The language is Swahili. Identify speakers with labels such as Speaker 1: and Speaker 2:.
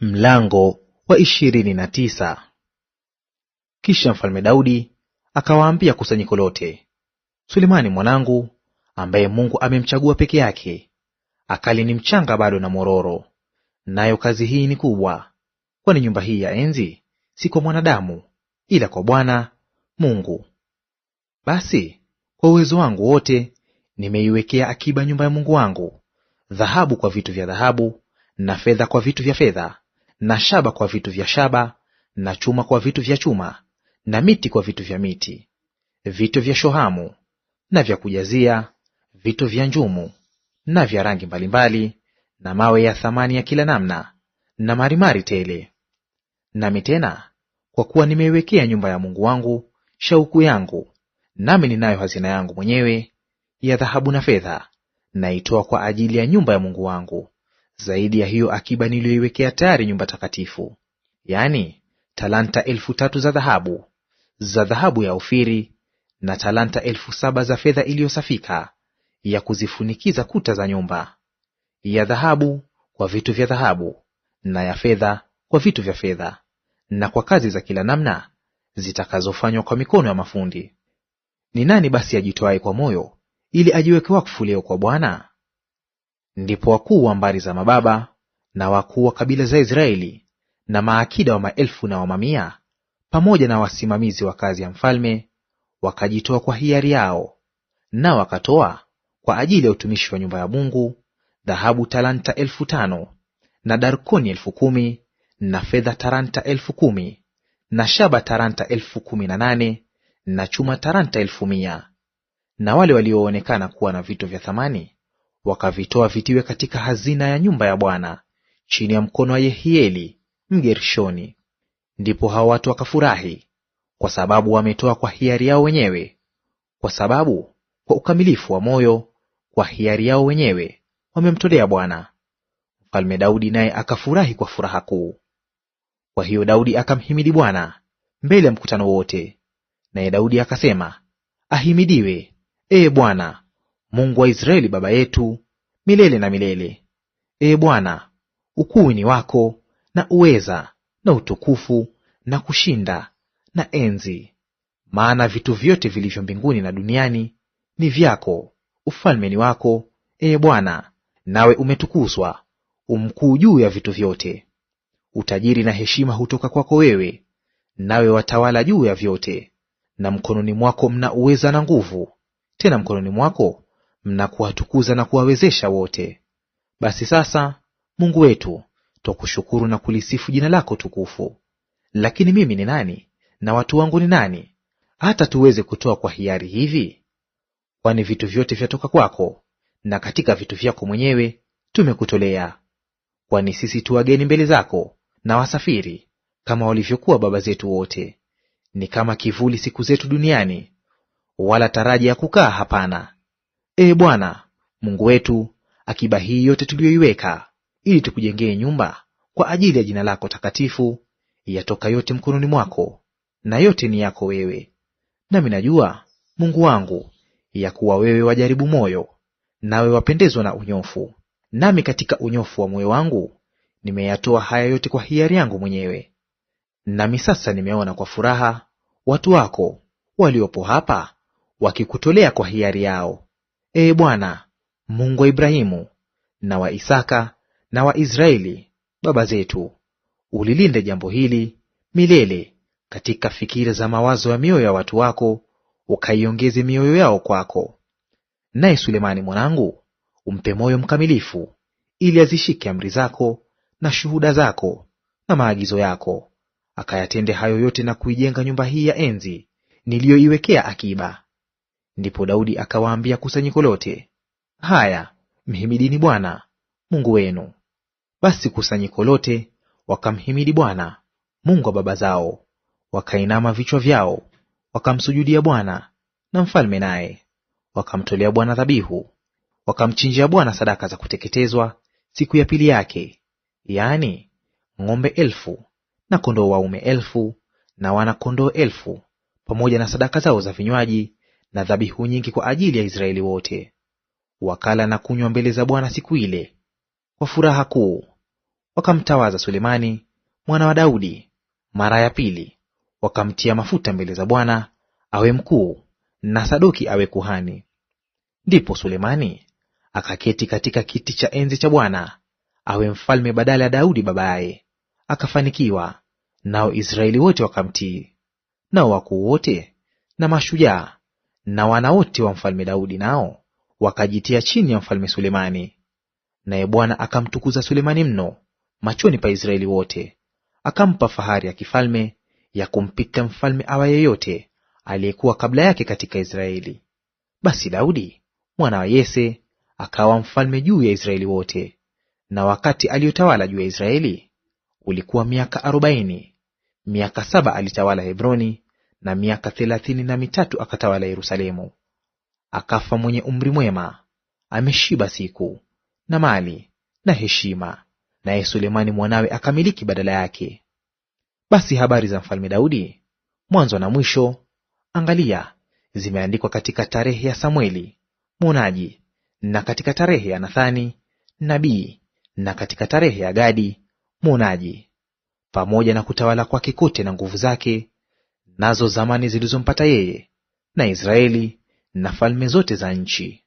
Speaker 1: Mlango wa ishirini na tisa. Kisha mfalme Daudi akawaambia kusanyiko lote, Sulemani mwanangu, ambaye Mungu amemchagua peke yake, akali ni mchanga bado na mororo, nayo kazi hii ni kubwa, kwani nyumba hii ya enzi si kwa mwanadamu, ila kwa Bwana Mungu. Basi kwa uwezo wangu wote nimeiwekea akiba nyumba ya Mungu wangu, dhahabu kwa vitu vya dhahabu na fedha kwa vitu vya fedha na shaba kwa vitu vya shaba, na chuma kwa vitu vya chuma, na miti kwa vitu vya miti, vitu vya shohamu na vya kujazia, vitu vya njumu na vya rangi mbalimbali, na mawe ya thamani ya kila namna, na marimari tele. Nami tena, kwa kuwa nimeiwekea nyumba ya Mungu wangu shauku yangu, nami ninayo hazina yangu mwenyewe ya dhahabu na fedha, naitoa kwa ajili ya nyumba ya Mungu wangu zaidi ya hiyo akiba niliyoiwekea tayari nyumba takatifu, yaani talanta elfu tatu za dhahabu, za dhahabu ya Ofiri, na talanta elfu saba za fedha iliyosafika ya kuzifunikiza kuta za nyumba, ya dhahabu kwa vitu vya dhahabu, na ya fedha kwa vitu vya fedha, na kwa kazi za kila namna zitakazofanywa kwa mikono ya mafundi. Ni nani basi ajitoaye kwa moyo ili ajiweke wakfu leo kwa Bwana? Ndipo wakuu wa mbari za mababa na wakuu wa kabila za Israeli na maakida wa maelfu na wa mamia, pamoja na wasimamizi wa kazi ya mfalme, wakajitoa kwa hiari yao, na wakatoa kwa ajili ya utumishi wa nyumba ya Mungu dhahabu talanta elfu tano na darkoni elfu kumi na fedha talanta elfu kumi na shaba talanta elfu kumi na nane na chuma talanta elfu mia. Na wale walioonekana kuwa na vitu vya thamani wakavitoa vitiwe katika hazina ya nyumba ya Bwana chini ya mkono wa Yehieli Mgershoni. Ndipo hao watu wakafurahi, kwa sababu wametoa kwa hiari yao wenyewe, kwa sababu kwa ukamilifu wa moyo kwa hiari yao wenyewe wamemtolea Bwana. Mfalme Daudi naye akafurahi kwa furaha kuu. Kwa hiyo Daudi akamhimidi Bwana mbele ya mkutano wote, naye Daudi akasema, ahimidiwe ee Bwana Mungu wa Israeli baba yetu, milele na milele. Ee Bwana, ukuu ni wako na uweza na utukufu na kushinda na enzi. Maana vitu vyote vilivyo mbinguni na duniani ni vyako, ufalme ni wako, Ee Bwana, nawe umetukuzwa umkuu juu ya vitu vyote. Utajiri na heshima hutoka kwako wewe, nawe watawala juu ya vyote. Na mkononi mwako mna uweza na nguvu, tena mkononi mwako na kuwatukuza na kuwawezesha wote. Basi sasa, Mungu wetu, twakushukuru na kulisifu jina lako tukufu. Lakini mimi ni nani na watu wangu ni nani, hata tuweze kutoa kwa hiari hivi? Kwani vitu vyote vyatoka kwako, na katika vitu vyako mwenyewe tumekutolea. Kwani sisi tu wageni mbele zako na wasafiri, kama walivyokuwa baba zetu wote. Ni kama kivuli siku zetu duniani, wala taraja ya kukaa hapana. Ee Bwana Mungu wetu, akiba hii yote tuliyoiweka ili tukujengee nyumba kwa ajili ya jina lako takatifu, yatoka yote mkononi mwako, na yote ni yako wewe. Nami najua, Mungu wangu, ya kuwa wewe wajaribu moyo, nawe wapendezwa na unyofu. Nami katika unyofu wa moyo wangu nimeyatoa haya yote kwa hiari yangu mwenyewe. Nami sasa nimeona kwa furaha watu wako waliopo hapa wakikutolea kwa hiari yao. Ee Bwana Mungu wa Ibrahimu na wa Isaka na wa Israeli baba zetu, ulilinde jambo hili milele katika fikira za mawazo ya mioyo ya watu wako, ukaiongeze mioyo yao kwako. Naye Sulemani mwanangu umpe moyo mkamilifu, ili azishike amri zako na shuhuda zako na maagizo yako, akayatende hayo yote na kuijenga nyumba hii ya enzi niliyoiwekea akiba, Ndipo Daudi akawaambia kusanyiko lote, haya, mhimidini Bwana Mungu wenu. Basi kusanyiko lote wakamhimidi Bwana Mungu wa baba zao, wakainama vichwa vyao, wakamsujudia Bwana na mfalme naye, wakamtolea Bwana dhabihu, wakamchinjia Bwana sadaka za kuteketezwa siku ya pili yake, yaani ng'ombe elfu na kondoo waume elfu na wana kondoo elfu pamoja na sadaka zao za vinywaji na dhabihu nyingi kwa ajili ya Israeli wote. Wakala na kunywa mbele za Bwana siku ile kwa furaha kuu. Wakamtawaza Sulemani mwana wa Daudi mara ya pili, wakamtia mafuta mbele za Bwana awe mkuu na Sadoki awe kuhani. Ndipo Sulemani akaketi katika kiti cha enzi cha Bwana awe mfalme badala ya Daudi babaye, akafanikiwa, nao Israeli wote wakamtii. Nao wakuu wote na mashujaa na wana wote wa mfalme Daudi nao wakajitia chini ya mfalme Sulemani. Naye Bwana akamtukuza Sulemani mno machoni pa Israeli wote, akampa fahari ya kifalme ya kumpita mfalme awa yeyote aliyekuwa kabla yake katika Israeli. Basi Daudi mwana wa Yese akawa mfalme juu ya Israeli wote, na wakati aliyotawala juu ya Israeli ulikuwa miaka arobaini. Miaka saba alitawala Hebroni na miaka thelathini na mitatu akatawala Yerusalemu. Akafa mwenye umri mwema, ameshiba siku na mali na heshima, naye Sulemani mwanawe akamiliki badala yake. Basi habari za mfalme Daudi mwanzo na mwisho, angalia, zimeandikwa katika tarehe ya Samweli mwonaji, na katika tarehe ya Nathani nabii, na katika tarehe ya Gadi mwonaji, pamoja na kutawala kwake kote na nguvu zake nazo zamani zilizompata yeye na Israeli na falme zote za nchi.